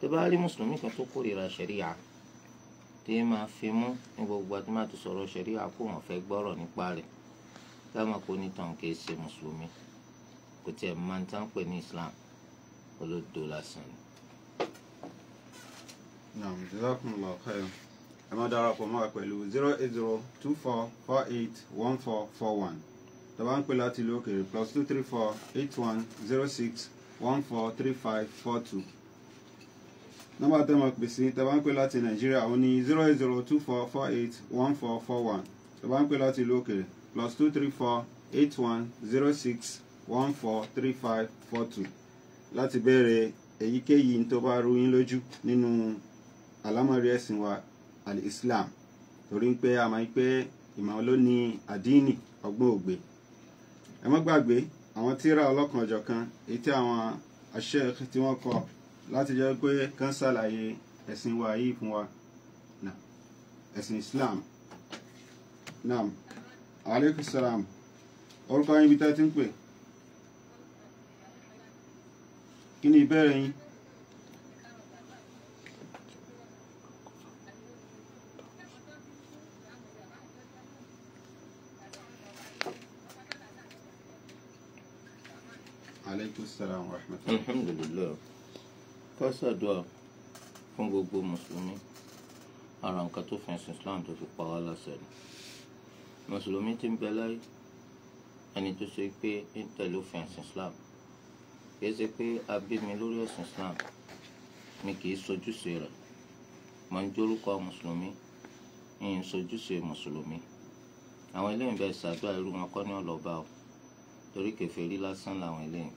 tó bá rí mùsùlùmí kan tó kórìíra ṣẹ̀ríà tó yẹ máa fi mú ní gbogbo àti máa ti sọ̀rọ̀ ṣẹ̀ríà kó wọn fẹ́ gbọ́rọ̀ nípa rẹ̀ táwọn kò ní tàn kì í ṣe mùsùlùmí kò tiẹ̀ máa ń tán pè ní Islam olódo lásán ni. naam jazakumullahu khairan ẹ máa darapọ̀ mọ́ra pẹ̀lú zero eight zero two four four eight one four four one tó ń pè láti ìlú òkèèrè plus two three four eight one zero six one four three five four two nọ́mbà tẹ́ máa pèsè tẹ́ bá ń pè láti nàìjíríà ó ní zero eight zero two four four eight one four four one tẹ́ bá ń pè láti ìlú òkèrè plus two three four eight one zero six one four three five four two láti béèrè èyíkéyìí tó bá rú yín lójú nínú àlámọ̀rí ẹ̀sìn wa al-islam torí pé a máa ń pé ìmọ̀ ló ní àdínì ọgbọ́n ògbé ẹ má gbàgbé àwọn tíra ọlọ́kan ọ̀jọ̀kan èyí tí àwọn àṣẹ tí wọ́n kọ láti jẹ́ pé kán ṣàlàyé ẹ̀sìn wa yìí fún wa ẹ̀sìn Islam naam aleykum salaam orúkọ yín bí tẹ́tí ń pè kí ni ìbéèrè yín. aleykum salaam wa rahmatulah. alhamdulilayi ká ṣàdúrà fún gbogbo mùsùlùmí ara nǹkan tó fi ẹ̀sìn Islam tó fi pa wá láṣẹ ni mùsùlùmí ti ń bẹ láyé ẹni tó ṣe pé ń tẹ̀lé òfin ẹ̀sìn Islam kìí ṣe pé abími lórí ẹ̀sìn Islam ni kìí sojúṣe rẹ̀ mọ̀ ń jórúkọ mùsùlùmí ń sojúṣe mùsùlùmí àwọn eléyìí bẹ́ẹ̀ ṣàdúrà irú wọn kọ́ ní ọlọ́ba o torí kèfèrí lásán làwọn eléyìí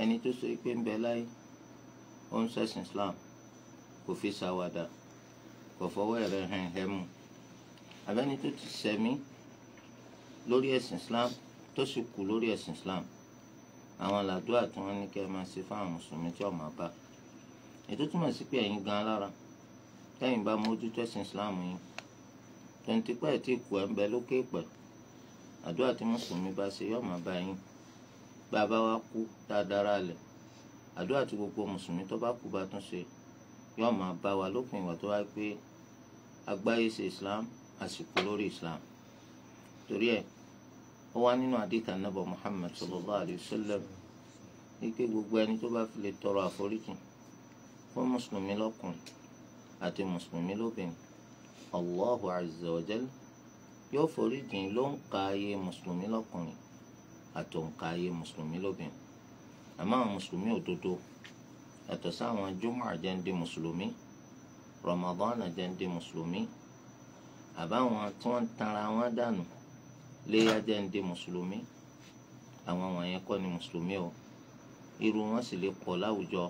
ẹni tó ṣe pé ń bẹ láyé ó ń ṣẹ̀sìn Islam kò fi ṣàwàdà kò fọwọ́ ẹ̀rẹ̀ hàn ẹ̀ mú abẹ́ni tó ti sẹ̀mí lórí ẹ̀sìn Islam tó sì kú lórí ẹ̀sìn Islam àwọn àlàdúrà tí wọ́n ní kẹ́ ẹ máa ṣe fáwọn mùsùlùmí tí ọ̀ma bá ètò túmọ̀ sí pé ẹ̀yin gan lára tẹ́yìn bá mójútó ẹ̀sìn Islam yín tẹ̀ǹtìpá ẹ̀ tí kù ẹ̀ ń bẹ lókè pẹ̀ àdúrà tí mùsùlùmí bá ṣe yọ̀ọ̀ma bá bá a bá wá kú dáadáa rà lẹ̀ àdúrà tí gbogbo mùsùlùmí tó bá kú bá tún ṣe yóò máa bá wa lópin ìwà tó wá pé agbáyé ṣe islam àsìkò lórí islam torí ẹ ó wá nínú àdìtà nàbọ muhammed sallallahu alayhi wa sallam wípé gbogbo ẹni tó bá fi lè tọrọ àforíjì fún mùsùlùmí lọkùnrin àti mùsùlùmí lóbìnrin allahu azza yóò foríjì ló ń ka ayé mùsùlùmí lọkùnrin àtòǹkà ayé mùsùlùmí lóbìnrin àmọ́ àwọn mùsùlùmí òdodo yàtọ̀ sáwọn jùmọ̀ àjẹ́ndé mùsùlùmí Ramadan àjẹ́ndé mùsùlùmí àbáwọn tí wọ́n ń tara wọn dànù léyà àjẹ́ndé mùsùlùmí àwọn wọ̀nyẹn kọ́ ni mùsùlùmí o irú wọn sì lè pọ̀ láwùjọ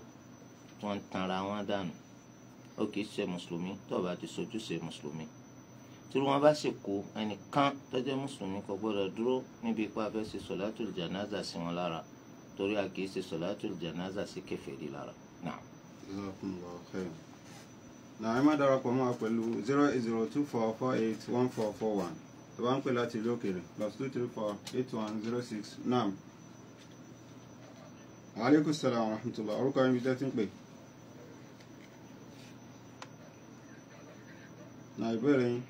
tí wọ́n ń tara wọn dànù ó kì í ṣe mùsùlùmí tó bá ti sojú ṣe mùsùlùmí tí wọn bá sì kó ẹnìkan tó mùsùlùmí kò gbọ́dọ̀ dúró níbi ipá abẹ́sẹ̀ sọ̀látùl jánásà sí wọn lára torí a kìí ṣe sọ̀látùl janaza sí kèfèrí lára. náà ẹ má darapọ̀ mọ́ wa pẹ̀lú zero eight zero two four four eight one four four one tó bá ń pè láti ìlú òkèèrè plus two three four eight one zero six nam. aleykum salaam wa rahmatulah orúkọ yín bí tẹ́tí ń pè. náà ìbéèrè yín.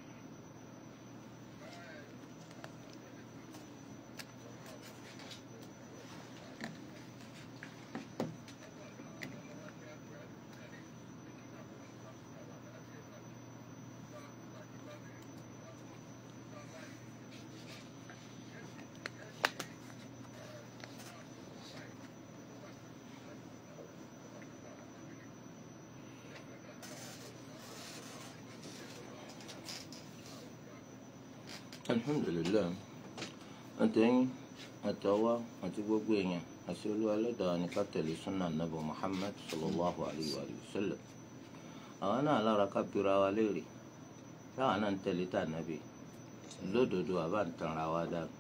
àtẹ̀yìn àtàwa àti gbogbo èèyàn àti olúwa lẹ́dàá ní ká tẹ̀lé súnà nàbọ̀ Muhammad sallallahu alayhi wa sallam àwọn náà lára ká bira wa léèrè táwọn náà ń tẹ̀lé tà nàbì lódodo àbá ń tanra wa dànù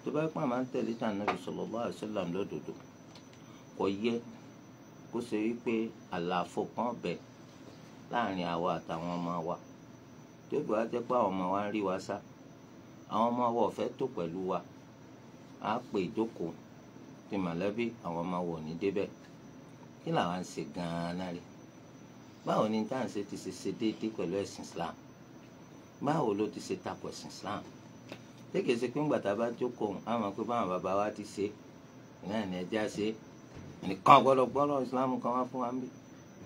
tó bá pàmò máa ń tẹ̀lé tà nàbì sallallahu alayhi wa sallam lódodo kò yẹ kó ṣe wípé àlàfo kan bẹ láàrin àwa àtàwọn ọmọ wa tó gbọ́dọ̀ jẹ́ pé àwọn ọmọ wa ń rí wa sá àwọn ọmọ wa ò fẹ́ tó pẹ̀lú wa á pè ìjókòó tí mọ̀lẹ́bí àwọn ọmọ wa ò ní débẹ̀ kí làwọn ń ṣe gan-an rí báwo ni táwọn ṣe ti ṣe ṣe déédéé pẹ̀lú ẹ̀sìn Islam báwo ló ti ṣe takò ẹ̀sìn Islam tẹ́kẹ̀ ṣe pé ńgbà tá a bá jókòó àwọn pé báwọn bàbá wa ti ṣe náà ní ẹjẹ́ ṣe nìkan gbọ́dọ̀ gbọ́dọ̀ Islam kan wá fún wa ń bí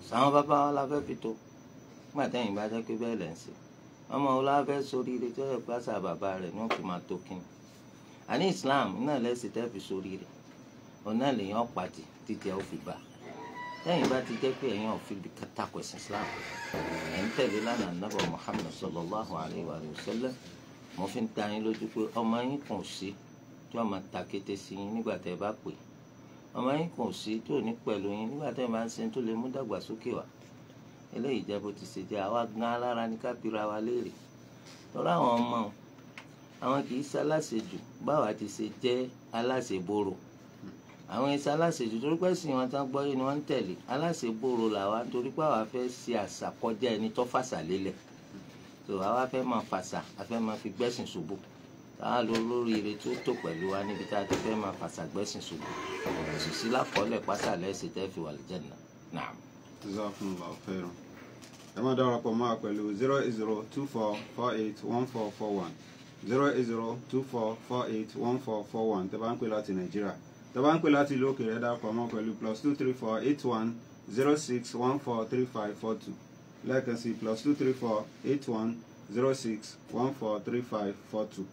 sàwọn bàbá wa la fẹ́ fi tó ńgbà tẹ́yìn jẹ́ pé bẹ́ẹ̀ lẹ́ ń ṣe ọmọ wọn láfẹ́ sórí rẹ tó yẹ pàṣà bàbá rẹ ní òkú máa tó àní Islam náà lẹ́sìn tẹ́ fi sórí rẹ òun náà lèyàn pàtì títí ó fi bá lẹ́yìn bá ti jẹ́ pé ẹ̀yin ọ̀fin bí takò ẹ̀sìn Islam ẹ̀ ń tẹ̀lé lánàá nàbọ̀ Muhammad sallallahu alayhi wa sallam mo fi ń ta yín lójú pé ọmọ yín kàn sí tí wọ́n máa ta kété sí yín nígbà tẹ́ ẹ bá pè ọmọ yín kàn sí tí ò ní pẹ̀lú yín nígbà tẹ́ ẹ máa ń ṣe tó lè mú dàgbàsókè wá eléyìí jẹ́ bó ti ṣe jẹ́ àwa gan alára ní ká bira wa léèrè tọ́lá àwọn ọmọ àwọn kì í ṣe aláṣejù báwa ti ṣe jẹ́ aláṣeboro àwọn iṣẹ́ aláṣejù torí pé sìn wọn tán gbọ́ yìí ni wọ́n ń tẹ̀lé aláṣeboro làwa torí pé àwa fẹ́ ṣe àṣà kọjá ẹni tó fàṣà lélẹ̀ tó àwa fẹ́ máa fàṣà a fẹ́ máa fi gbẹ́sìn ṣubú táwa lọ lóríire tó tò pẹ̀lú wa níbi tá a ti fẹ́ máa fàṣà gbẹ́sìn ṣubú kò sì sí lákọọ́lẹ̀ pásà lẹ́sìn tẹ́ fi wà lẹ́jẹ̀ náà jazakumullahu khairan ẹ máa darapọ̀ máa pẹ̀lú zero eight zero two four four eight one four four one zero eight zero two four four eight one four four one tẹ́ bá ń pè láti nàìjíríà tẹ́ bá ń pè láti ìlú òkèèrè darapọ̀ mọ́ pẹ̀lú plus two three four eight one zero six one four three five four two lẹ́ẹ̀kan sí plus two three four eight one zero six one four three five four two.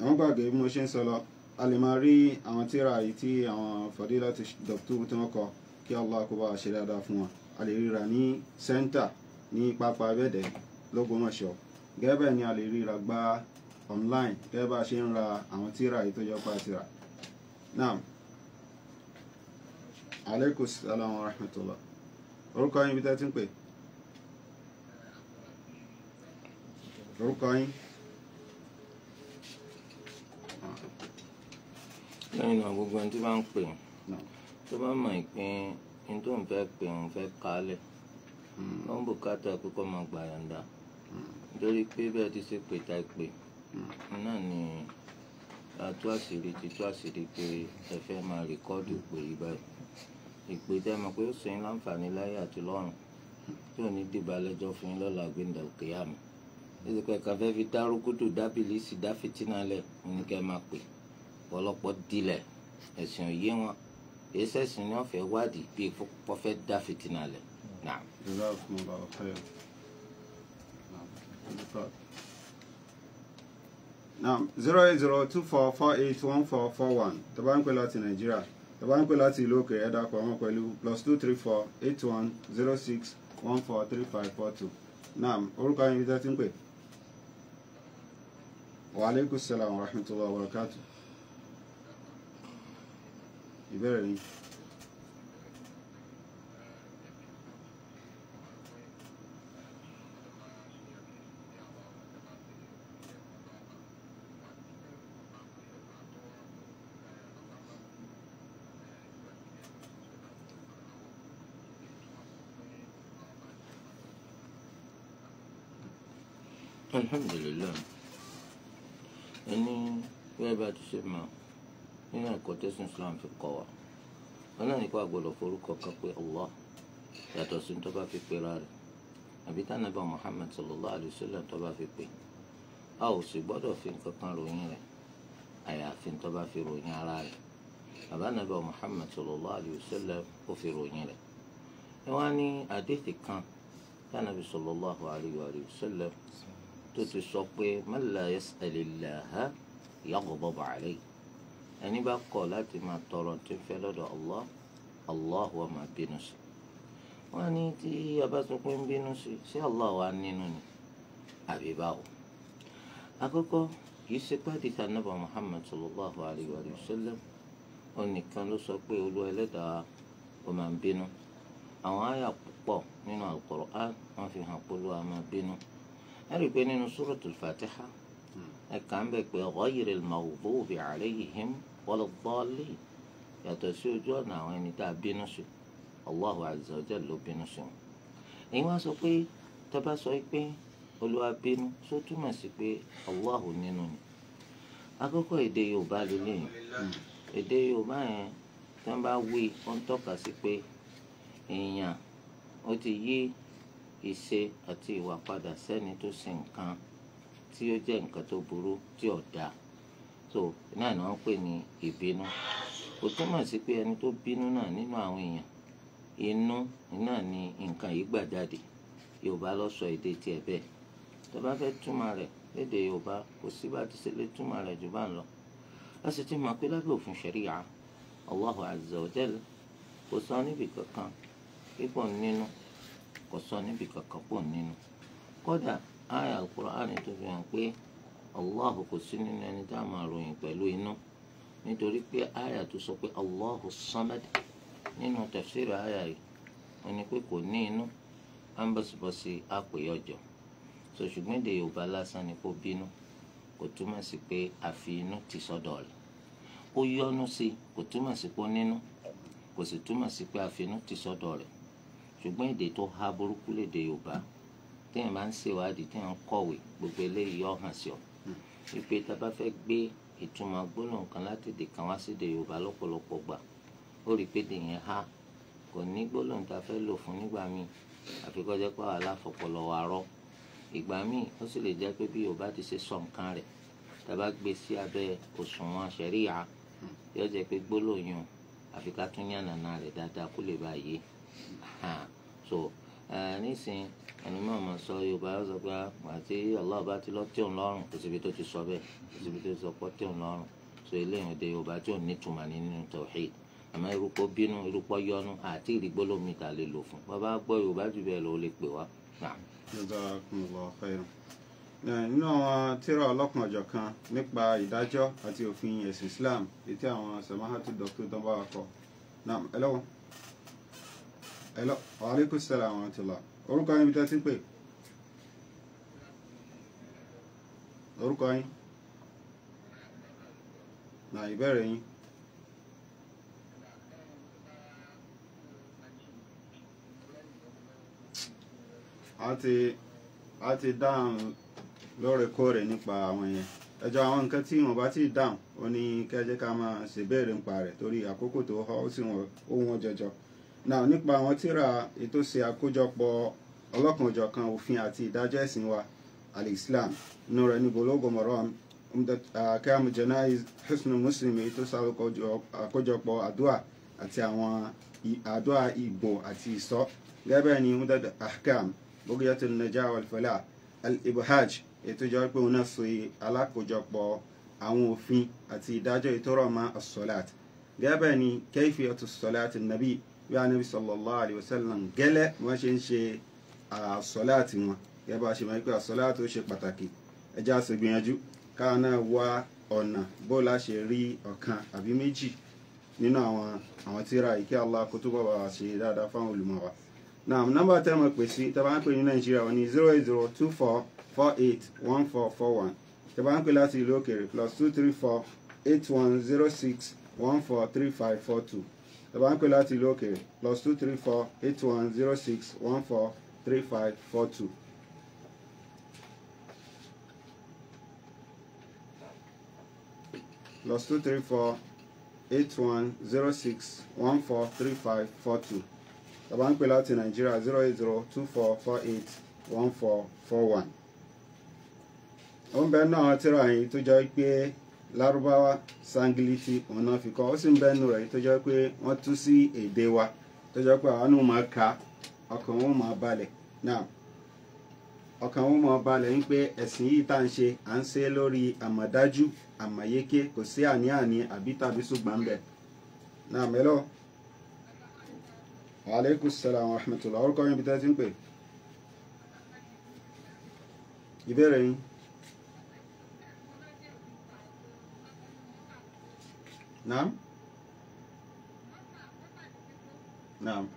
àwọn gbàgbé bí mo ṣe ń sọ lọ a lè máa rí àwọn tíra yìí tí àwọn fọdí láti dọ̀tú tí wọ́n kọ kí Allah kó bá ṣe dáadáa fún wa a lè ríra ní sẹ́ńtà ní pápá abẹ́dẹ̀ lọ́gbọ́mọ̀ṣọ́ gẹ́gẹ́ ni a lè ríra gba online gẹ́gẹ́ bá a ṣe ń ra àwọn tíra èyí tó jọ pa tíra naam aleykum salaam wa rahmatulah orúkọ yín ibi tẹ́ ti ń pè orúkọ yín. lẹ́yìn náà gbogbo ẹni tó bá ń pè tó bá mọ̀ ìpín ní tó ń fẹ́ pè ń fẹ́ kálẹ̀ wọ́n hmm. ń bùkátà kókó máa gbà hmm. nítorí pé bẹ́ẹ̀ ti ṣe pè ta ìpè hmm. náà ni atú àṣírí ti tú àṣírí pé ẹ fẹ́ máa rìkọ́dù ìpè yìí báyìí ìpè tẹ́ mọ̀ pé ó sìn láǹfààní láyé àti lọ́run tí ò ní dìbà lẹ́jọ́ fún yín lọ́la gbẹ̀ǹdà òkè àmọ́ èsì pé kàn fẹ́ fi dárúkútù dábìlì sí dáfitínà lẹ̀ máa pè ọ̀pọ̀lọpọ̀ dilẹ̀ ẹ̀sìn òye wọn èsì ẹ̀sìn ni wọ́n fẹ́ wádìí bí wọ́n fẹ́ dá fìtínà lẹ̀ hmm. náà. naam zero eight zero two four four eight one four four one tó bá ń pè láti nàìjíríà tó bá ń pè láti ìlú òkè ẹ̀dá pọ̀ wọ́n pẹ̀lú plus two three four eight one zero six one four three five four two naam orúkọ ayélujára ti ń pè. wa aleykum salaam wa rahmatulah wa barakatuh ìbéèrè yìí. alhamdulilayi ẹni wẹ́ẹ́ bá ti ṣe máa nínú ẹ̀kọ́ tẹ́sán Islam fi kọ́ wa wọn náà nípa àgbọ̀dọ̀ forúkọ kan pé Allah yàtọ̀ sí tó bá fi pe ra rẹ̀ àbí tánàbà Muhammad sallallahu alayhi wa sallam tó bá fi pe a ò sì gbọ́dọ̀ fi nǹkan kan ròyìn rẹ̀ àyàfi tó bá fi ròyìn ara rẹ̀ àbánàbà Muhammad sallallahu alayhi wa sallam ó fi ròyìn rẹ̀ ẹ wá ní àdéhì kan tánàbì sallallahu alayhi wa sallam tó ti sọ pé man la yas'alillaha yaghdabu alayhi ẹni bá kọ̀ láti máa tọrọ tí ń fẹ́ lọ́dọ̀ Allah Allah wa máa bínú sí wọ́n ní tí a bá sọ pé ń bínú sí ṣé Allah wa nínú ni àbí báwo. àkọ́kọ́ kì í ṣe pàdísà nàbà Muhammad sallallahu alayhi wa sallam onìkan ló sọ pé olú ẹlẹ́dàá ó bínú àwọn àyà púpọ̀ nínú Al-Qur'an fi hàn pé olú wa bínú. ẹ rí i pé nínú Suratul Fatiha ẹ̀ka ń bẹ̀ pé ghayril maghdubi alayhim waladdallin yàtọ̀ sí ojú ọ̀nà àwọn ẹni tá a bínú sí Allahu azza wa jalla ló bínú sí wọn. èyí wá sọ pé tọ́ba sọ pé olúwa bínú só túmọ̀ sí pé Allahu nínú ni. akọ́kọ́ èdè Yorùbá lélẹ́yìn èdè Yorùbá yẹn tí wọ́n bá wí wọ́n tọ́ka sí pé èèyàn ó ti yí ìṣe àti ìwà padà sẹ́ni tó ṣe nǹkan tí ó jẹ́ nǹkan tó burú tí ò dáa so náà ni wọ́n pè ní ìbínú kò túmọ̀ sí pé ẹni tó bínú náà nínú àwọn èèyàn inú náà ni nǹkan yìí gbà jáde yorùbá ló sọ èdè tiẹ̀ bẹ́ẹ̀ tó bá fẹ́ túmọ̀ rẹ̀ lédè yorùbá kò sí bá ti ṣe lè túmọ̀ rẹ̀ jù bá ń lọ a sì ti mọ̀ pé lábẹ́ òfin ṣẹ̀ríyà Allahu azza wa jalla kò sọ níbi kankan pípọ̀ nínú kò sọ níbi kankan pọ̀ nínú kódà àyà Al-Qur'ani tó fi hàn pé kò sí nínú ẹni tá a pẹ̀lú inú nítorí pé aya tó sọ pé Allahu samad nínú tafsir àyà yìí wọ́n ní pé inú ni kò kò túmọ̀ sí pé àfi inú ti sọ́dọ̀ téèyàn bá ń ṣèwádìí téèyàn ń kọ̀wé gbogbo eléyìí yọ hàn sí ọ hmm. wípé tá a bá fẹ́ gbé ìtumọ̀ gbólóhùn kan láti èdè kan wá síde yorùbá lọ́pọ̀lọpọ̀ gbà ó rí i pé dèyẹn há kò ní gbólóhùn tá a fẹ́ lò fún nígbà míì àfi kó jẹ́ pé aláfọpọlọ wa rọ ìgbà míì ó sì lè jẹ́ pé bí yorùbá ti ṣe sọ nǹkan rẹ̀ tá a bá gbé sí abẹ́ òṣùwọ̀n ṣẹ̀ríyà hmm. yóò jẹ́ pé gbólóhùn àfi rẹ̀ dáadáa kó lè bá hmm. so nísìnyí ẹni mọ̀ mọ̀ sọ yorùbá yóò sọ pé ah, àti Allah bá ti lọ tí òun lọ́rùn kò síbi tó ti sọ bẹ́ẹ̀ kò síbi tó ti sọ pé tí òun lọ́rùn so eléyìí òde yorùbá tí ò ní tùmọ̀ nínú tawhid àmọ́ irúpọ bínú irúpọ yọnu àti ìrìgbólómi ta lè lò fún bàbá gbọ́ yorùbá jù bẹ́ẹ̀ lọ ó lè pè wá. nínú àwọn tíra ọlọ́kan ọ̀jọ̀ kan nípa ìdájọ́ àti òfin ẹ̀sìn Islam ètí àwọn samahatu dr dọ́mbà wakọ̀ náà ẹ lọ́wọ́ hello aleykum salaam wa rahmatulah orúkọ yín bí tẹ́tí ń pè orúkọ yín na ìbéèrè yín. a ti a ti dáhùn lóòrèkóòrè nípa àwọn yẹn ẹjọ àwọn nǹkan tí wọn bá ti dáhùn ó ní kẹjẹ ká máa ṣèbéèrè nípa rẹ̀ torí àkókò tó họ ó sì wọn ó wọn jọjọ now nípa àwọn tíra ètò ṣe àkójọpọ̀ ọlọ́kanòjọ̀kan òfin àti ìdájọ́ ẹ̀sìn wa al-islam nura ní bológo moram kíámù janaiz husnu muslim ètò ṣe àkójọpọ̀ àdúà àti àwọn àdúà ìbò àti ìsọ gẹ́gẹ́ ní mudad ahkam bugyatul najah wal falah al-ibhaj ètò jọ pé òun náà ṣe alákòjọpọ̀ àwọn òfin àti ìdájọ́ ètò bí anabi sallallahu alayhi wa sallam gẹ́lẹ́ wọ́n ṣe ń ṣe àsọláàtì wọn gẹ́gẹ́ bá a ṣe máa ń pè àsọláàtì ó ṣe pàtàkì ẹja ṣe gbìyànjú káà náà wá ọ̀nà bó la ṣe rí ọ̀kan àbí méjì nínú àwọn àwọn tíra ìkí Allah kó tó bàbá ṣe dáadáa fáwọn olùmọ̀ wa. náà nọ́mbà tẹ́ mọ̀ pè sí ń pè ní nàìjíríà wọn ni zero eight zero two four four eight one four four one tẹ́ ń pè láti ìlú òkèèrè plus two three four eight one zero six one four three five four two ẹ bá ń pè láti ìlú òkèèrè plus two three four eight one zero six one four three five four two. plus two three four eight one zero six one four three five four two ẹ bá ń pè láti nàìjíríà zero eight zero two four four eight one four four one. ó ń bẹ náà tíra yín tó jẹ́ pé larubawa sangiliti ona náà fi kọ́ ó sì ń bẹ́nu rẹ̀ tó jẹ́ pé wọ́n wa tó jẹ́ pé àwọn ka ọkàn wọn máa balẹ̀ náà ọkàn wọn máa balẹ̀ ń pé ẹ̀sìn yìí tá à ń ṣe à ń ṣe lórí àmọ̀dájú àmọ̀yéké kò sí àní-àní àbí tàbí ṣùgbọ́n bẹ̀ náà mẹ́lọ́ aleykum salaam wa rahmatulah orúkọ tẹ́ ti ń pè ìbéèrè yín. Não? Não.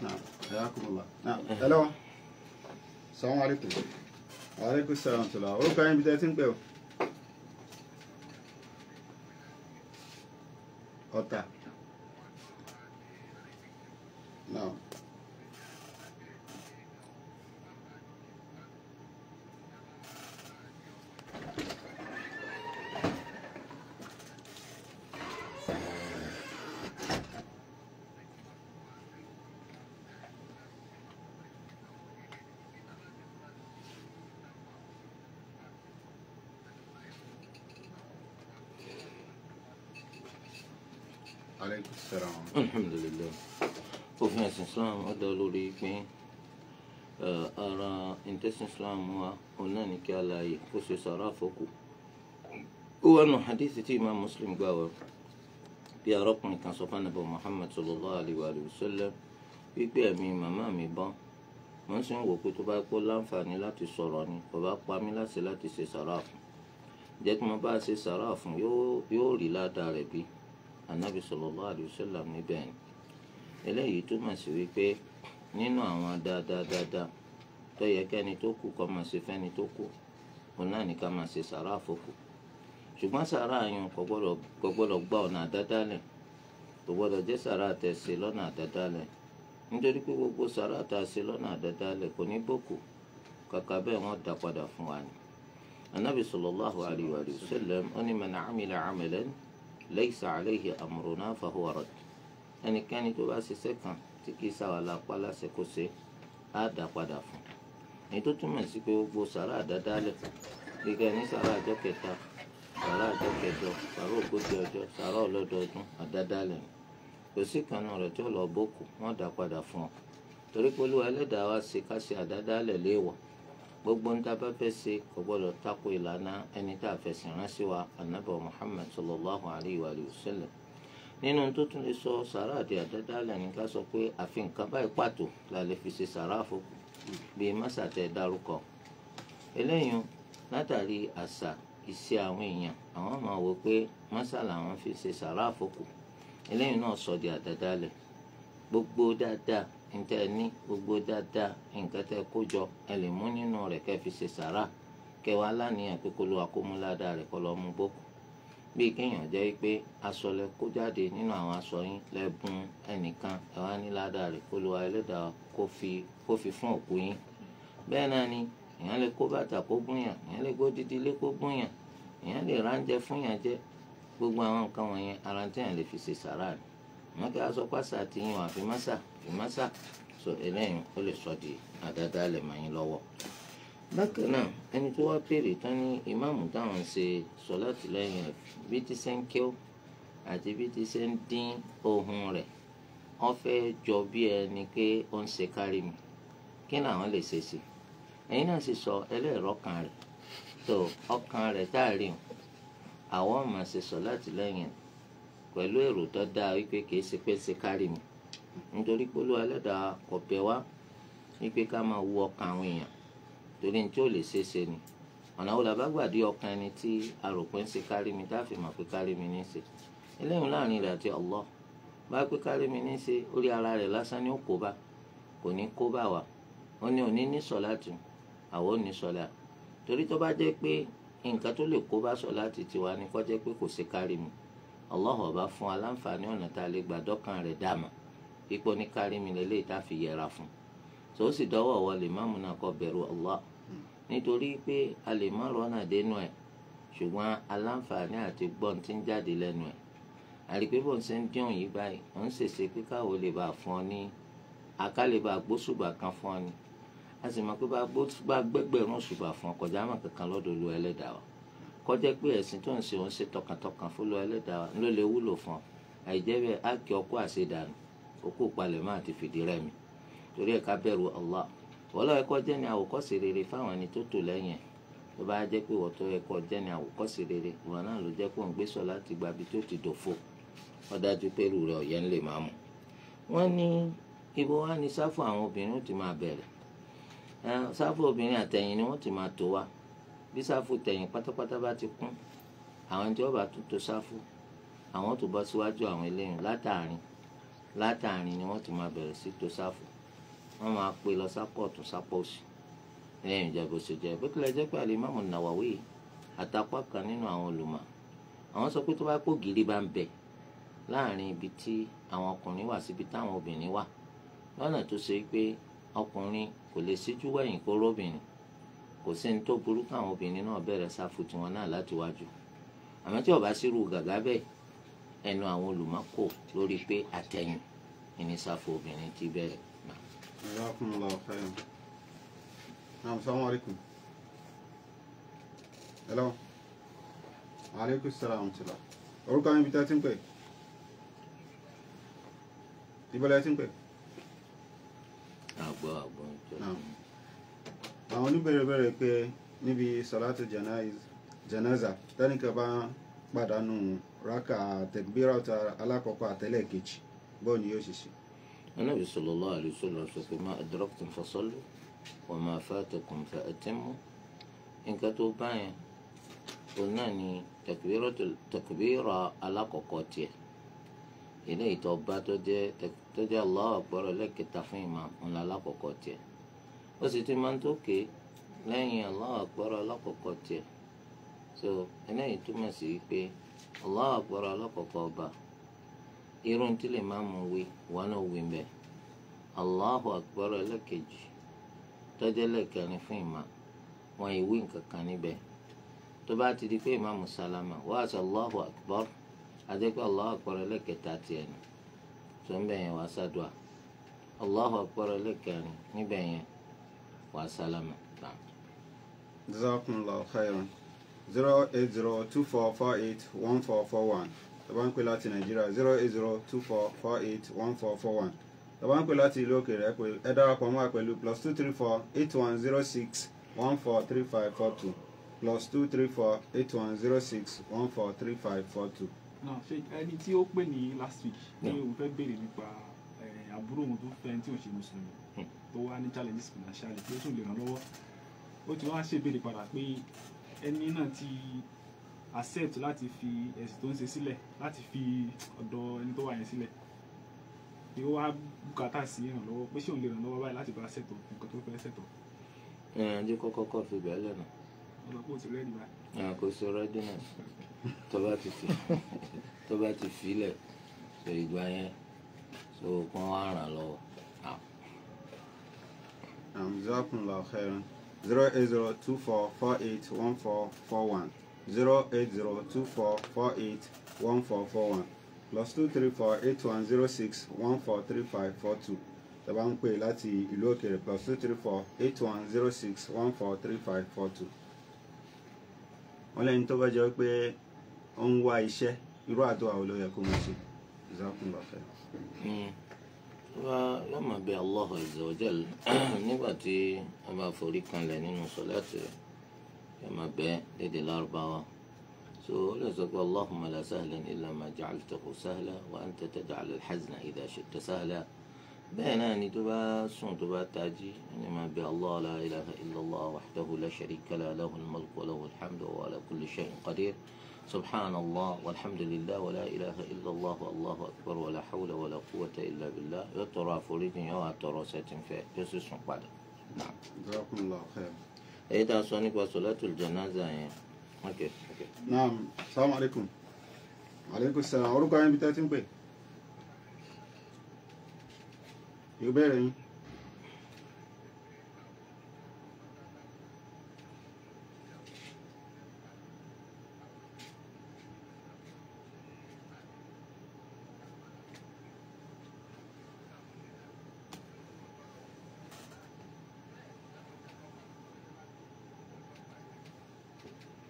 Não. Já acumula. Não. Hello? São alaikum. Alaikum salam. Olá. O que é que você tem Otá. ẹ̀sìn Islam ó dá lórí pé ara ìtẹ̀sìn Islam wa òun náà ní kí a láàyè kó ṣe sàrà àfọ́kù. ó wà nù hadith tí Imam Muslim gbà wá bí arákùnrin kan sọ fún Ànábì Muhammad sallallahu alayhi wa sallam wípé ẹ̀mí màmá mi bọ́n mo ń sì ń wò pé tó bá kó láǹfààní láti sọ̀rọ̀ ni kò bá pa mí láti láti ṣe sàrà fún jẹ́ kí mo bá ṣe sàrà fún yóò rí ládàá rẹ̀ bí Ànábì sallallahu alayhi wa sallam níbẹ̀ ni eléyìí túmọ̀ sí wípé nínú àwọn dáadáadáa tó yẹ kẹ́ni tó kù kọ́ máa ṣe fẹ́ni tó kù òun náà ní ká máa ṣe sàrà àfọkù ṣùgbọ́n sàrà àyàn kò gbọ́dọ̀ gba ọ̀nà àdádálẹ̀ kò gbọ́dọ̀ jẹ́ sàrà àtẹ̀sí lọ́nà àdádálẹ̀ nítorí pé gbogbo sàrà àtàsí lọ́nà àdádálẹ̀ kò ní bòkù kàkà bẹ́ẹ̀ wọ́n dá padà fún wa ni. anabi sallallahu alayhi wa sallam ó ní man amila amalan ẹnikẹ́ni tó bá ṣiṣẹ́ kan tí kì í ṣàwàlà apá láṣẹ kó ṣe á dá padà fún un èyí tó túmọ̀ sí pé gbogbo sàrà àdádálẹ̀ gẹ́gẹ́ ní sàrà àjọ kẹta sàrà àjọ kẹjọ sàrà ogójì ọjọ́ sàrà ọlọ́dọọdún àdádálẹ̀ kò sí kanú rẹ̀ tí ó lọ bókù wọ́n dá padà fún ọ torí pé olúwa ẹlẹ́dàá wa ṣe ká ṣe àdádálẹ̀ léèwọ̀ gbogbo ń dábàá fẹ́ ṣe kò gbọ́dọ̀ tako ìlànà ẹni tá a fẹ̀sìn rán wa ànábọ̀ Muhammad sallallahu alayhi wa sallam nínú tó tún lè sọ sàrà àti àdádálẹ̀ ní ká sọ pé àfi nǹkan báyìí pàtó la lè fi ṣe sàrà àfọkù bíi mọ́sàtẹ̀ dárúkọ eléyìí látàrí àṣà ìṣe àwọn èèyàn àwọn máa wò pé mọ́sà làwọn fi ṣe sàrà àfọkù eléyìí náà sọ di àdádálẹ̀ gbogbo dáadáa nǹkan ẹ ní gbogbo dáadáa nǹkan tẹ kó jọ ẹ lè mú nínú rẹ̀ kẹ́ fi ṣe sàrà kẹwàá lánìyàn pé kó ló wa kó bí kéèyàn jẹ́ pé aṣọ lẹ kó jáde nínú àwọn aṣọ yín lẹ́bùn ẹnìkan ẹ wá ní ládàá rẹ̀ kó lo ẹlẹ́dàá kó fi kó fi fún òkú yín bẹ́ẹ̀ náà ni èèyàn lè kó bàtà kó gúnyàn èèyàn lè kó dídí lé kó gúnyàn èèyàn lè ránjẹ fúnyàn jẹ gbogbo àwọn nǹkan wọ̀nyẹn ara tí èèyàn lè fi ṣe sàrà ni wọn aṣọ pàṣà ti yín wà mọ́sà fi mọ́sà so eléyìí ó lè sọ di àdáda lè mọ̀ yín lọ́wọ́ bákan náà ẹni tó wá béèrè tán ní ìmáàmù táwọn ń ṣe sọ̀láàtì lẹ́yìn rẹ̀ bí ti ṣe ń kíó àti bí ti ṣe ń dín ohun rẹ̀ wọ́n fẹ́ jọ bí ẹni pé ó ń ṣe kárí mi kí làwọn lè ṣe sí ẹ̀yin náà sì sọ ẹlẹ́rọ kan rẹ̀ tó ọkàn rẹ̀ tá a rí o àwọn ọmọ ṣe sọ̀láàtì lẹ́yìn rẹ̀ pẹ̀lú èrò tó dáa wípé kìí ṣe pé ṣe kárí mi nítorí pé Olúwa Ẹlẹ́dàá kò wá wípé ká máa wo ọkàn àwọn èèyàn torí ní tí ò lè ṣeé ṣe ni ọ̀nà wo làbá gbàdí ọkàn ẹni tí aròpin ń ṣe kárí mi táàfin mọ̀ pé kárí mi ní í ṣe eléyìí láàrin rẹ̀ àti Allah bá pé kárí mi ní í ṣe orí ara rẹ̀ lásán ni ó kó bá kò ní kó bá wa ó ní òní ní sọ̀láàtì àwọn ò ní sọ̀láàtì torí tó bá jẹ́ pé nǹkan tó lè kó bá sọ̀láàtì tiwa ni kó jẹ́ pé kò ṣe kárí mi Allah bá fún aláǹfààní ọ̀nà tá a lè gbàdọ́kàn rẹ̀ dàmà ipò ní kárí mi lélẹ́yìí tá a fi yẹra fún un tó sì dọ́wọ́ wa lè má múná kó bẹ̀rù Allah nítorí pé a lè má rọ́nà dénú ẹ̀ ṣùgbọ́n aláǹfààní àti gbọ́n ti ń jáde lẹ́nu ẹ̀ àrígbé bò ń ṣe ń dín òyìn báyìí ò ń ṣèṣe pé káwo lè bá fún ọ ní aká lè bá gbóṣùbà kan fún ọ ní a sì mọ̀ pé bá gbóṣùbà gbẹgbẹ̀rún òṣùbà fún ọ kọjá àmọ̀ kankan lọ́dọ̀ lu ẹlẹ́dàá wa kọjá pé ẹ̀sìn tó ń ṣe òun ṣe tọkàntọkàn fún lu ẹlẹ́dàá wa ló lè wúlò fún ọ àìjẹ́ bẹ́ẹ̀ á kí ọkọ àṣedànù òkú palẹ̀mọ́ àti fìdí rẹmi torí ẹ̀ ká bẹ̀rù Allah wọ́n lọ́ọ́ ẹ̀kọ́ jẹ́ ni àwòkọ́ṣe rere fáwọn ẹni tó tò lẹ́yìn tó bá jẹ́ pé wọ́tọ́ ẹ̀kọ́ jẹ́ ni àwòkọ́ṣe rere wọn náà ló jẹ́ pé òun gbé sọ láti gba ibi tó ti dòfo wọ́n dájú pé irú rẹ̀ ọ̀yẹ́ ń lè máa mú. wọ́n ní ibo wá ní sáfù àwọn obìnrin ó ti máa bẹ̀rẹ̀ sáfù obìnrin àtẹ̀yìn ni wọ́n ti máa tó wa bí sáfù tẹ̀yìn pátápátá bá ti kún àwọn tí wọ́n bá tún tó sáfù wọ́n máa pè lọ sápọ̀tù sápọ̀sì lẹ́yìn ìjọba òṣèjọ bó tilẹ̀ jẹ́ pé Al-Imam Nawawi àtàpá kan nínú àwọn olùmọ̀ àwọn sọ pé tó bá pò gírí bá ń bẹ láàrin ibi tí àwọn ọkùnrin wà síbi táwọn obìnrin wà lọ́nà tó ṣe pé ọkùnrin kò lè síjú wẹ̀yìn kó róbìnrin kò sí ní tó burú káwọn obìnrin náà bẹ̀rẹ̀ sáfù tiwọn náà láti wájú àmọ́ tí ó bá gàgá bẹ́ẹ̀ ẹnu àwọn olùmọ̀ kò lórí pé àtẹ̀yìn ìnísàfù obìnrin ti bẹ̀rẹ̀ جزاكم الله خيرا نعم السلام عليكم hello aleykum salaam wa rahmatulah orúkọ àwọn ibi tí a ti ń pè ìbọ̀lẹ̀ ti ń pè. àgbọ̀ àgbọ̀ àwọn oníbẹ̀rẹ̀bẹ̀rẹ̀ pé níbi salatu janaza tẹ́nìkan bá pàdánù rákà tẹ̀gbíràta alákọ̀ọ́kọ́ àtẹ́lẹ̀ kejì bọ́ọ̀ ni yóò ṣe ṣe. النبي صلى الله عليه وسلم sọ pé ما أدركتم فصلوا وما فاتكم فأتموا nǹkan tó báyẹn òun náà ni takbira alákọ̀ọ́kọ́ tiẹ̀ eléyìí tó bá tó jẹ́ tó jẹ́ Allahu Akbar lẹ́ẹ̀kẹta fún ìmọ̀ ńlá alákọ̀ọ́kọ́ tiẹ̀ ó sì ti máa ń tókè lẹ́yìn Allahu Akbar alákọ̀ọ́kọ́ tiẹ̀ so eléyìí túmọ̀ sí pé Allahu Akbar alákọ̀ọ́kọ́ ọba. irun tí lè má wọn mbẹ Allahu Akbar ẹlẹ́kejì tọ́jẹ́lẹ̀ kẹrin fún ìmá wọn ìwé nǹkan kan níbẹ̀ tó bá ti di pé ìmáàmù sálámà àti Allahu Akbar adékọ́ Allahu Akbar ẹlẹ́kẹta tiẹ̀ nù tó ń bẹ̀ yẹn wá Allahu Akbar ẹlẹ́kẹrin níbẹ̀ yẹn zero eight tó bá ń pè láti nàìjíríà zero eight zero two four four eight one four four one tó bá ń pè láti ìlú òkèèrè ẹ darapọ̀ mọ́ pẹ̀lú plus two three four eight one zero six one four three five four two plus two three four eight one zero six one four three five four two. náà ṣe ẹni tí ó pè ní last week ní òun hmm. fẹ́ béèrè nípa àbúrò òun tó fẹ́ tí òun ṣe mùsùlùmí hmm. tó wá ní challenges financial tí ó tún lè ràn lọ́wọ́ ó ti wá ṣèbéèrè padà pé ẹni náà ti accept láti fi ẹ̀sìn tó ń ṣe sílẹ̀ láti fi ọ̀dọ̀ ẹni tó wà yẹn sílẹ̀ ni ó wá bùkátà sí ìrànlọ́wọ́ pé ṣé òun lè ràn lọ́wọ́ báyìí láti bá ṣètò nǹkan tó fẹ́ ṣètò. ẹ ẹ jẹ́ kọ́kọ́ kọ́ fi bẹ́ẹ̀ lẹ́nu. ọlọ́pàá ò ti rẹ́ẹ̀dì báyìí. kò sí rẹ́ẹ̀dì náà tó bá ti filẹ̀ ṣe ìgbà yẹn tó kàn wá ràn lọ́wọ́. Ah. jazakumullahu khairan zero eight zero two four four eight one four four one zero eight zero two four four eight one four four one plus two three four eight one zero six one four three five four two tẹ́bá ń pè láti ìlú òkèèrè plus two three four eight one zero six one four three five four two. wọ́n lẹ́yìn tó bá jẹ́ pé ó ń wá iṣẹ́ irú àdúrà wo ló yẹ kó mọ̀ sí ìzákùn bàfẹ́. wá lọ́mọ bíi Allah azza wa jal nígbà tí wọ́n bá forí kanlẹ̀ nínú sọ́láàtì rẹ̀. كما بين لدي الأربعة سو رزق اللهم لا سهلا إلا ما جعلته سهلا وأنت تجعل الحزن إذا شئت سهلا بيناني دبا سون دبا تاجي يعني ما الله لا إله إلا الله وحده لا شريك لا له الملك وله الحمد وهو على كل شيء قدير سبحان الله والحمد لله ولا إله إلا الله والله أكبر ولا حول ولا قوة إلا بالله يترى فريد يوى ترى ساتن في جزء نعم جزاكم الله خير èyí tá a sọ nípa solatul janaza yẹn. Okay. Okay. naam salamu aleykum aleykum salaam orúkọ yẹn bí tẹ́tí ń pè ìbéèrè yín.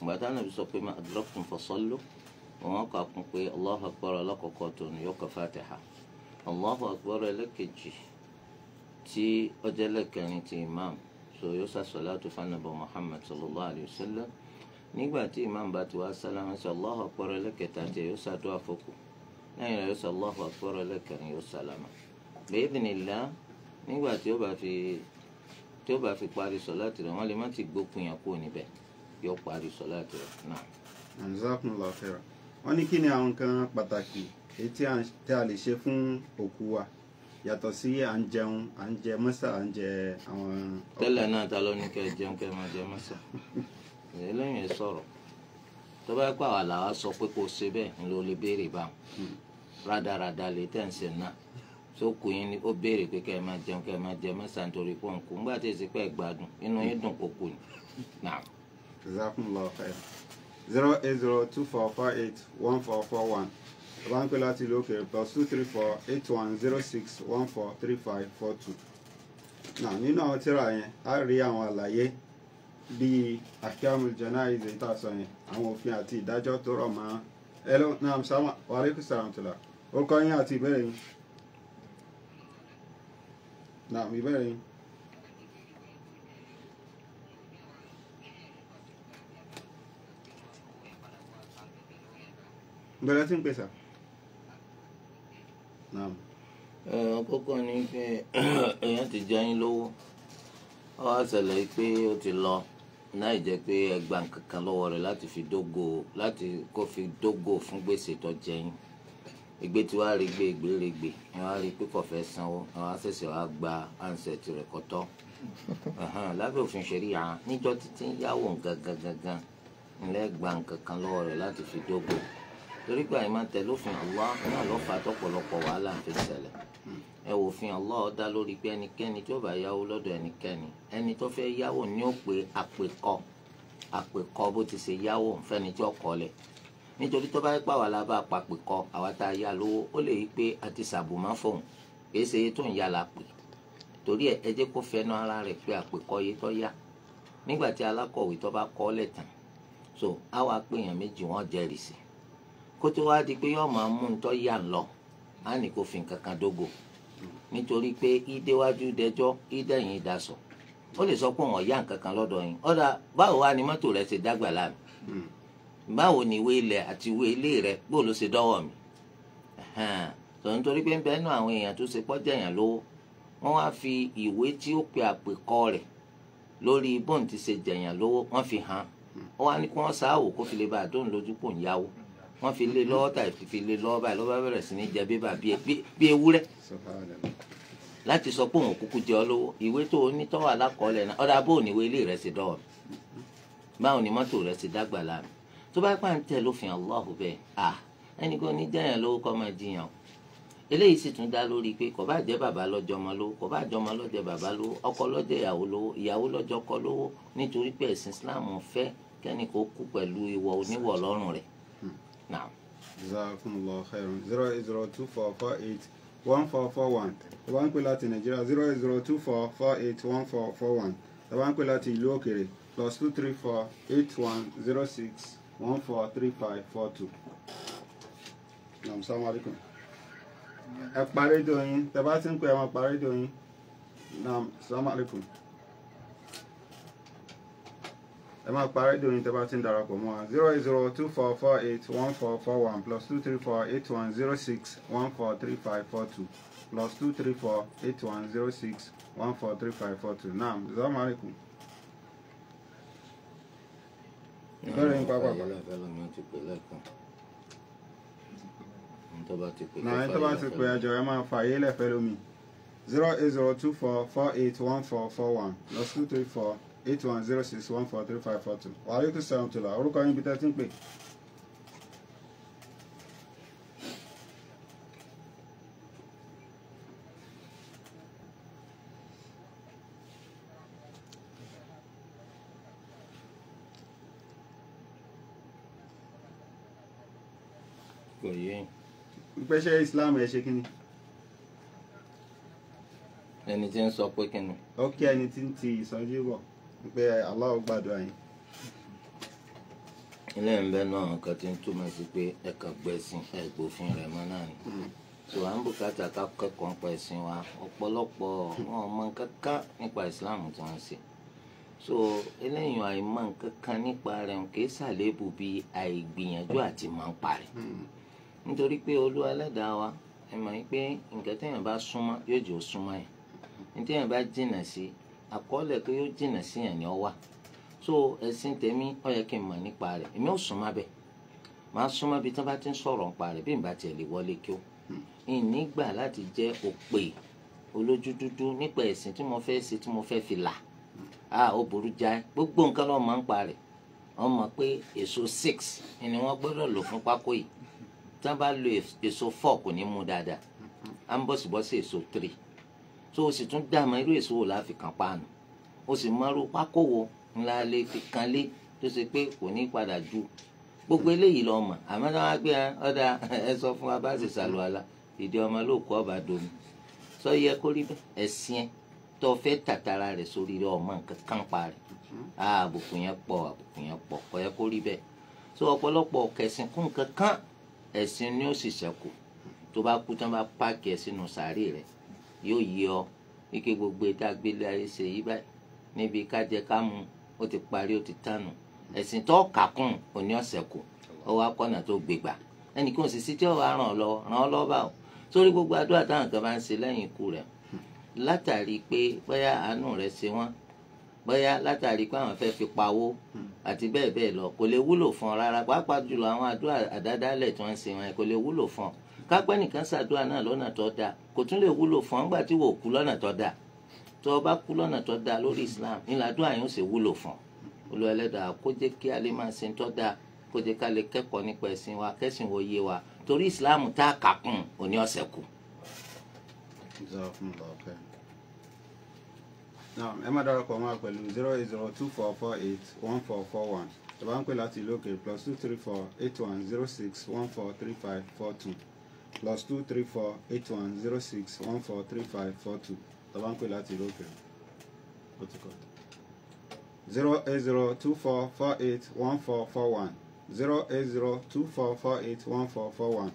ìgbà táwọn nàbí sọ pé ma adraktum fasallu wọn kà kún pé Allahu akbar alákọ̀ọ́kọ́ tó ní yọkọ fatiha Allahu akbar ẹlẹ́kejì tí ọjọ́ ẹlẹ́kẹrin ti imam so yóò sá salatu fanabọ Muhammad sallallahu alayhi wa sallam nígbà tí imam bá ti wá sálámà sí Allahu akbar ẹlẹ́kẹta tí yóò sá dúà fókù lẹ́yìn rẹ̀ yóò sá Allahu akbar ẹlẹ́kẹrin yóò sálámà bi'idhnillah nígbà tí ó bá fi parí salatu rẹ̀ wọ́n lè má ti gbókun yàn kúrò níbẹ̀ yóò parí sọlá tẹ náà. jazakumullahu khairan wọ́n ní kí ni àwọn nǹkan pàtàkì etí tí a lè ṣe fún òkú wa yàtọ̀ sí à ń jẹun à ń jẹ mọ́sà à ń jẹ àwọn. tẹ́lẹ̀ náà ta ló ní kẹ́ ẹ jẹun kẹ́ ẹ máa jẹ mọ́sà ẹlẹ́yìn ẹ sọ̀rọ̀ tó bá pa wà làwa sọ pé kò ṣe bẹ́ẹ̀ ni ló lè béèrè bá wọn hmm. rádaràda lè tẹ̀sẹ̀ náà sókùn yín ni ó béèrè pé kẹ́ ẹ máa jẹun kẹ́ ẹ máa jẹ mọ́sà nítorí pọ́ǹkù ńgbà tí èsì pẹ́ gbádùn inú yín dùn kókò ni jazakumullahu khairan zero eight zero two four four eight one four four one bàbá ń láti ìlú òkèèrè plus two three four eight one zero six one four three five four two náà nínú àwọn tíra yẹn á rí àwọn àlàyé bíi akamul janayiz èyí tá a sọ yẹn àwọn òfin àti ìdájọ́ tó rọ̀ mọ́ ẹ lọ náà sàmà wàlẹ́kùn sàràǹtìlà orúkọ yín àti ìbéèrè yín náà ìbéèrè yín. bẹ̀rẹ̀ tí ń pèsè. àkọ́kọ́ ni pé èèyàn ti jẹ́ yín lówó ó wá ṣẹlẹ̀ pé ó ti lọ náà jẹ́ pé ẹ gba nǹkan kan lọ́wọ́ rẹ̀ láti fi dógò láti kó fi dógò fún gbèsè tó jẹ yín ìgbé tí wàá rí gbé ìgbé rí gbé ẹ wá rí pípọ̀ fẹ́ sanwó ẹ wá ṣẹ̀ṣẹ̀ wá gba ansẹ̀t rẹ̀ kọ́tọ́ lábẹ́ òfin ṣẹ̀ríà níjọ́ títí ń yáwó nǹkan gangan ńlẹ́ gba lọ́wọ́ rẹ̀ láti fi dógò torí pé àyè máa tẹ̀lé òfin Allah náà ló fà tọ́pọ̀lọpọ̀ wàhálà fi ṣẹlẹ̀ ẹ wò òfin Allah dá lórí pé ẹnikẹ́ni tí ó bá yáwó lọ́dọ̀ ẹnikẹ́ni ẹni tó fẹ́ yáwó ni ó pe àpèkọ àpèkọ bó ti ṣe yáwó fẹ́ni tí ó kọ́lẹ̀ nítorí tó bá yẹ pàwọ́ la bá papèkọ àwa tá a yá lówó ó lè yí pé a ti ṣàbùmá fóun kì í ṣe iye tó ń yá pè torí ẹ ẹ jẹ́ kó fẹnu ara rẹ̀ pé àpèkọ iye tó yá nígbà tí alákọ̀wé tó bá kọ́ lẹ̀ tán so àwa pèèyàn méjì wọ́n jẹ́rìí sí i kó tí wàá di pé yóò máa mú ntọ́ yà ń lọ á ní kó fi nǹkan kan dógò nítorí pé ìdéwájú dẹjọ́ ìdẹ̀yìn ìdásọ̀ ó lè sọ pé òun ọ̀yá nǹkan kan lọ́dọ̀ yín ọ̀dà báwo wá ni mọ́tò rẹ ṣe dágbà láàmì hmm. báwo ni ìwé ilẹ̀ àti ìwé ilé rẹ bó ló ṣe dọ́wọ́ mi sọ nítorí pé ń bẹ́ẹ̀ nú àwọn èèyàn tó ṣe pọ́jà èèyàn lówó wọ́n wá fi ìwé tí ó pe àpèkọ rẹ̀ lórí bóun ti ṣe jẹ̀yàn lówó wọ́n fi hàn án hmm. ó wá ní kí wọ́n ṣáà wò kó fi lè bá àdóhùn lójú pò ń yáwó wọ́n fi lé lọ́wọ́ tàbí fi fi lé lọ́wọ́ báyìí ló bá bẹ̀rẹ̀ sí ní jẹ bébà bí ewúrẹ́ láti sọ pé òun kúkú jẹ ọ lówó ìwé tó o ní tọ́wọ́ alákọọ́lẹ̀ náà ọ̀dà bó òní ìwé ilé rẹ̀ sì dọ́ọ̀ báwo ni mọ́tò rẹ̀ sì dágbà láàmì tó bá pàǹ tẹ̀ lófin Allahu bẹ́ẹ̀ à ẹni kò ní jẹ́yàn lówó kọ́ máa jiyàn eléyìí sì tún dá lórí pé kò bá jẹ́ bàbá lọ́jọ́ ọmọ lówó kò bá jẹ́ ọmọ lọ́jọ́ bàbá lówó ọkọ lọ́jọ́ ìyàwó lówó ìyàwó lọ́jọ́ ọkọ lówó nítorí pé ẹ̀sìn Islam fẹ́ kẹ́ni kú pẹ̀lú ìwọ oníwọ̀ lọ́rùn rẹ̀ naam. jazakumullahu khairan zero eight zero two four four eight one four four one tó bá ń pè zero zero two four four eight one four four one tó bá ń pè plus two three four eight one zero six one four three five four two. naam salaam alaikum ẹ parí dòyìn tẹ bá ti ń ẹ máa pa rédíò yín tẹ́ bá ti ń darapọ̀ mọ́ wa zero eight zero two four four eight one four four one plus two three four eight one zero six one four three five four two plus two three four eight one zero six one four three five four two naam salamu alaikum. ìbéèrè yín pápá pàlẹ́. náà ẹni tó bá ti pè é ẹjọ́ ẹ máa fà yé lẹ́fẹ̀ẹ́ lómi zero eight zero two four four eight one four four one plus two three four eight one zero six one four three five four two wàhálẹ́kùn sẹ́wọ̀n tó la orúkọ yín bí tẹ́tí ń pè. kò yé yín. ìpèsè Islam ẹ ṣe kínní. ẹni tí ń sọ pé kínní. ó kí ẹni tí ń ti ìsọjí bọ̀ pé Allah ó gbàdúrà yín. ilé ìbẹ́ náà kan ti ń túmọ̀ sí pé ẹ̀ka gbẹ̀sìn ẹ̀gbòfin rẹ̀ mọ́ náà ni hmm. so à ń bùkátà ká kẹ́kọ̀ọ́ nípa ẹ̀sìn wa ọ̀pọ̀lọpọ̀ wọn mọ kankan nípa Islam tí wọ́n ṣe so eléyìí àìmọ̀ kankan nípa rẹ̀ kì í ṣàlébù bí àìgbìyànjú àti máa ń parẹ́ hmm. nítorí pé Olúwa Ẹlẹ́dàá wa ẹ mọ̀ pé nǹkan téèyàn bá súnmọ́ yóò jẹ́ àkọọ́lẹ̀ pé yóò jìnnà sí yàn ni ọ wà so ẹ̀sìn tèmi ó yẹ kí n mọ̀ nípa rẹ̀ èmi ò sún má bẹ́ẹ̀ màá sún mọ́ bí tí wọ́n bá ti ń sọ̀rọ̀ nípa rẹ̀ bí n bá tiẹ̀ lè wọlé kí ó ìnígbà láti jẹ́ òpè olójú dúdú nípa ẹ̀sìn tí mo fẹ́ ṣe tí mo fẹ́ fi là á ó burú jáì gbogbo nǹkan lọ́ọ́ máa ń pa rẹ̀ wọ́n mọ̀ pé èso six ni wọ́n gbọ́dọ̀ lò fún pákó yìí tí wọ́n bá lo èso four kò ní mú dáadáa à ń bọ̀sibọ́sí èso three tó o sì tún dààmú irú èso wò láfi kàn paanu o sì mọ́rú pákówó ńlá lè fi kan lé tó ṣe pé kò ní padà ju gbogbo eléyìí lọ mọ̀ àmọ́ táwọn agbé ọ̀dà ẹ sọ fún wa bá ṣe ṣàlùwàlà ìdí ọmọ ló kọ́ ọba domi sọ yẹ kó rí bẹ́ẹ̀ ẹ̀sìn ẹ tó fẹ́ tàtàrà rẹ̀ sórí rẹ̀ ọmọ nǹkan kan pa rẹ̀ mm-hmm. àbùkù yẹn pọ̀ àbùkù yẹn pọ̀ kọ́ yẹ kó rí bẹ́ẹ̀ sọ ọ̀pọ̀lọpọ̀ kẹsìn kún nǹkan kan ẹ̀sìn ni ó sì ṣẹ́kù tó bá kú tán bá páàkì ẹ̀ sínú sàárè rẹ̀ yóò yí ọ wíkẹ́ gbogbo ètò àgbélé ayé ṣe yí báyìí níbi kájẹ kámu ó ti parí ó ti tánu ẹ̀sìn tó kà kún òní ọ̀sẹ̀ kù ọwọ́ akọ́nà tó gbégbà ẹnì kí n sì sí tí ọ̀wá ràn ọ́ ràn ọ́ lọ́wọ́ o sórí gbogbo àdúrà táwọn kan bá ń ṣe lẹ́yìn ikú rẹ̀ látàrí pé bóyá àánú rẹ̀ ṣe wọ́n bóyá látàrí pé àwọn fẹ́ fi pawó àti bẹ́ẹ̀ bẹ́ẹ̀ lọ kò lè wúlò fún ọ rárá pàápàá jùlọ àwọn àdúrà àdádálẹ̀ tí wọ́n ń ṣe wọn kò lè wúlò fún ọ kápẹ́ nìkan ṣàdúrà náà lọ́nà tó dáa kò tún lè wúlò fún ọgbà tí wò kú lọ́nà tó dáa tó o bá kú lọ́nà tó dáa lórí Islam ńláàdúrà yóò ṣe wúlò fún Olúwa Ẹlẹ́dàá kó jẹ́ kí a lè máa ṣe tó dáa kó jẹ́ ká lè kẹ́kọ̀ọ́ nípa ẹ̀sìn wa kẹ́sìn wo yé wa torí Islam tá a kà kún òní ọ̀sẹ̀ kù. ẹ má darapọ̀ máa pẹ̀lú zero eight zero two four four eight one four four one tó bá ń pè láti ìlú òkèèrè plus two three four eight one zero six one four three five four two plus two three four eight one zero six one four three five four two tọ́ba ń pè láti ìlú òkèèrè ó ti kọ́ zero eight zero two four four eight one four four one zero eight zero two four four eight one four four one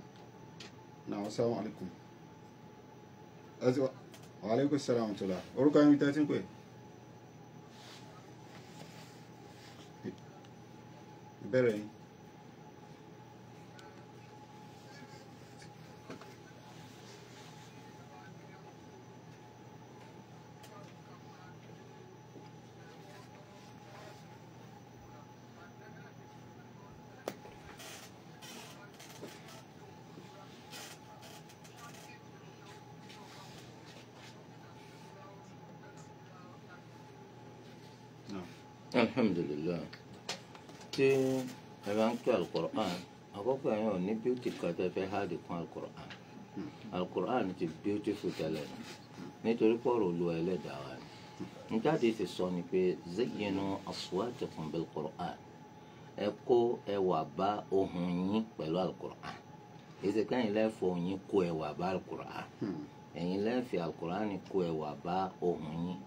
náà assalamu alaikum waaleykum salaam wa rahmatulah orúkọ yẹn mi tẹ́tí ń pè. ìbéèrè alhamdulilayi tí ẹ bá ń kí alukur'an àkọ́kọ́ yẹn ò ní bíútì kan tó fẹ́ háàdì kún alukur'an alukur'an ti bíútífù tẹ́lẹ̀ nítorí pọ̀rọ̀ olú ẹlẹ́dàá wa ni níjáde ti sọ ni pé zayyinu aswatakum bilkur'an ẹ kó ẹwà bá ohùn yín pẹ̀lú alukur'an ìsèké yín lẹ́fọ̀ yín kó ẹwà bá alukur'an hmm. ẹ̀yin lẹ́fì alukur'an kó ẹwà bá ohùn yín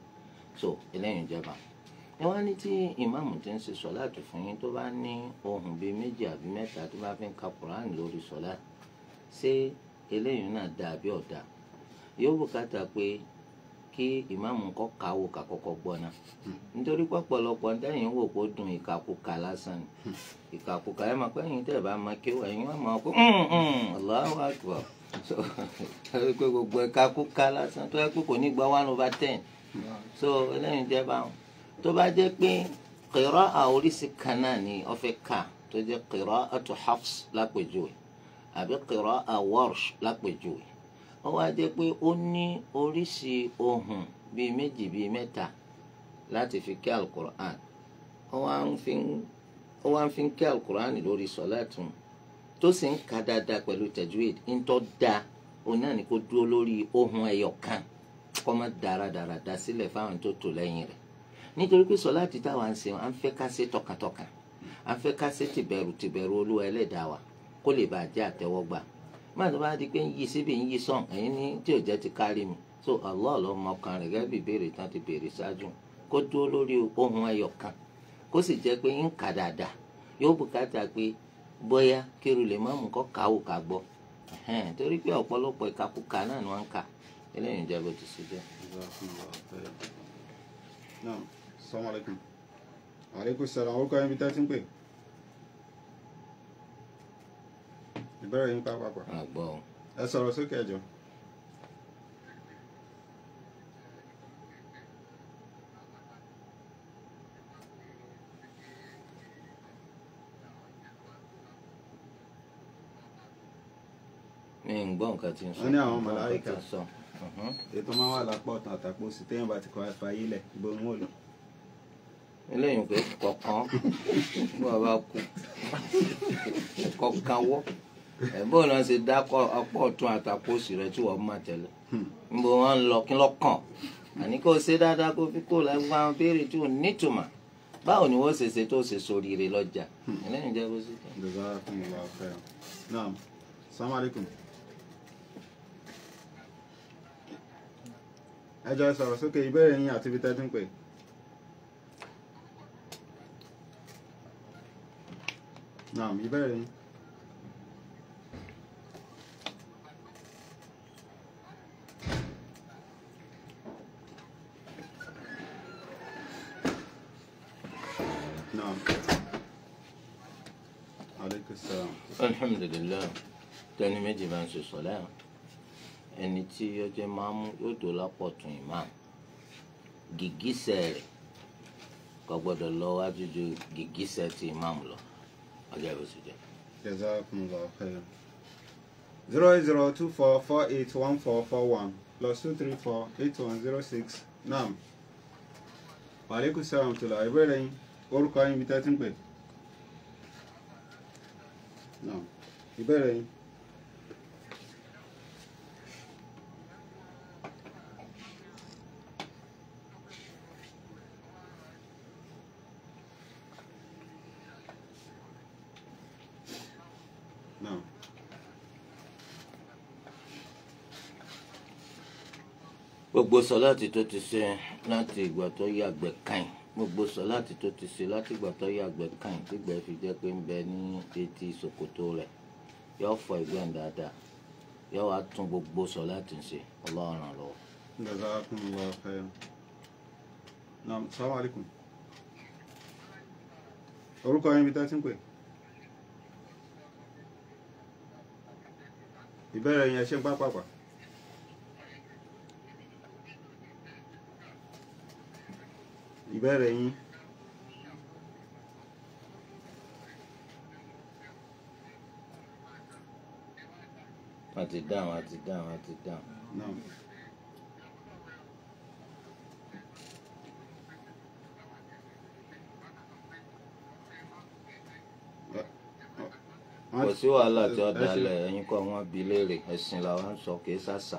so eléyìí jẹba ẹ wá ní tí ìmáàmù ti ń ṣe sọ̀láàtì fún yín tó bá ní ohun bíi méjì àbí mẹ́ta tó bá fi ń ka kùránì lórí sọ̀lá ṣé eléyìí náà dáa bí ọ̀dà yóò bùkátà pé kí ìmáàmù kọ́ kàwò kàkọ́kọ́ gbọ́ná nítorí pọ̀pọ̀lọpọ̀ ntẹ́yìn wò kó dùn ìkàkùkà lásán ni ìkàkùkà ẹ máa pẹ́ yín tẹ̀ bá máa kéwà ẹ̀yin wọ́n máa kó Allahu Akbar so ẹ pé gbogbo ìkàkùkà lásán tó ẹ pé kò ní gba one over ten so eléyìí jẹ́ báwọn tó bá jẹ́ pé qira'a oríṣi kan náà ni ó fẹ́ kà tó jẹ́ qira'atu Hafs lápèjúwe àbí qira'a Warsh lápèjúwe ó wá jẹ́ pé ó ní oríṣi ohun bíi méjì bíi mẹ́ta láti fi kí alukur'an ó wá ń fi kí alukur'an lórí sọ́látùn tó sì ń ka dáadáa pẹ̀lú tajwid ń tọ́ da òun náà ni kó dúró lórí ohun ẹyọ kan kó má dáradára dá sílẹ̀ fáwọn tó tò lẹ́yìn rẹ̀ nítorí pé sọ láti dá wa ń ṣe à ń fẹ́ ká ṣe tọkàntọkàn à ń fẹ́ ká ṣe tìbẹ̀rù tìbẹ̀rù olúwa ẹlẹ́dàá wa kó lè bàa jẹ́ àtẹ́wọ́gbà máa tó bá di pé ń yí síbi ń yí sàn ẹ̀yin ní tí ò jẹ́ ti kárí mi so Allah ló mọ ọkàn rẹ̀ gẹ́gẹ́ bí ìbéèrè tán ti béèrè ṣáájú kó dúró lórí ohun ẹyọ kan kó sì jẹ́ pé ń kà dáadáa yóò bùkátà pé bóyá kírú lè má mú kọ́ káwò ká gbọ́ torí pé ọ̀pọ̀lọpọ̀ ìkakúka náà ni wọ́n ń kà eléyìí ń jẹ́ bó ti ṣe jẹ́. Assalamu alaikum. Alaikum salam. Orúkọ yẹn bí tẹ́tí ń pè. Ìbéèrè yín pàápàá. Àgbọ̀. Ẹ sọ̀rọ̀ sókè ẹ̀jọ̀. mi ń gbọ́ nǹkan tí ń sọ. wọ́n ní àwọn màláíkà ètò máa wà lápá ọ̀tàn àtàkùn sí téèyàn bá ti kọ́ ẹ̀fà yílẹ̀ gbóhùn òòlù eléyìí pé kọ̀ọ̀kan bí wọ́n bá kú kọ̀ọ̀kan wọ́ ẹ̀bọ́n náà ṣe dá ọ̀pọ̀ ọ̀tún àtàkóòsì rẹ̀ tí wọ́n máa tẹ̀lé níbo wọ́n ń lọ kí lọ́kàn àní kó ṣe dáadáa kó fi kó lẹ́gbàá àwọn béèrè tí ò nítumọ̀ báwo ni wọ́n ṣe ṣe tó ṣe sóríire lọ́jà eléyìí jẹ́ bó ṣe tẹ̀. ẹ jọ sọ̀rọ̀ sókè ìbéèrè yín àti ibi tẹ́tí ń pè é. Naam, ìbéèrè yín. نعم عليك السلام الحمد لله tẹni méjì máa ń ṣe sọlẹ ẹni tí ó jẹ máàmù yóò tó lápọ̀ tún imam gìgísẹ̀ rẹ̀ kò gbọ́dọ̀ lọ wájú ju gìgísẹ̀ ti imam lọ. Ajaib Hospital. Jazakumullah khair. 0024481441 plus 2348106 Naam. Wa alaikum salam tula ìbéèrè yín orúkọ yín bí tẹ́ ti ń pè. Naam. Ìbéèrè yín. gbogbo sọláàtì tó ti ṣe láti ìgbà tó yàgbẹ́ kàn gbogbo sọláàtì tó ti ṣe láti ìgbà tó yàgbẹ́ kàn gbígbẹ fi jẹ́ pé ń bẹ ní etí ṣòkòtò rẹ̀ yọ fọ ìgbọ̀n dáadáa yọ wá tún gbogbo sọláàtì ń ṣe ọlọ́run lọ. ǹjẹ́ a kún un lọ fẹ́ naam salaam aleykum orúkọ yín bí tá a ti ń pè ìbéèrè yẹn ṣe ń pápápá. ìbéèrè yín. wọ́n ti dáhùn wọ́n ti dáhùn wọ́n ti dáhùn. kò sí wàhálà tí ó dalẹ̀ ẹ̀yin kọ́ wọ́n bi léèrè ẹ̀sìn làwọn sọ kì í sàṣà.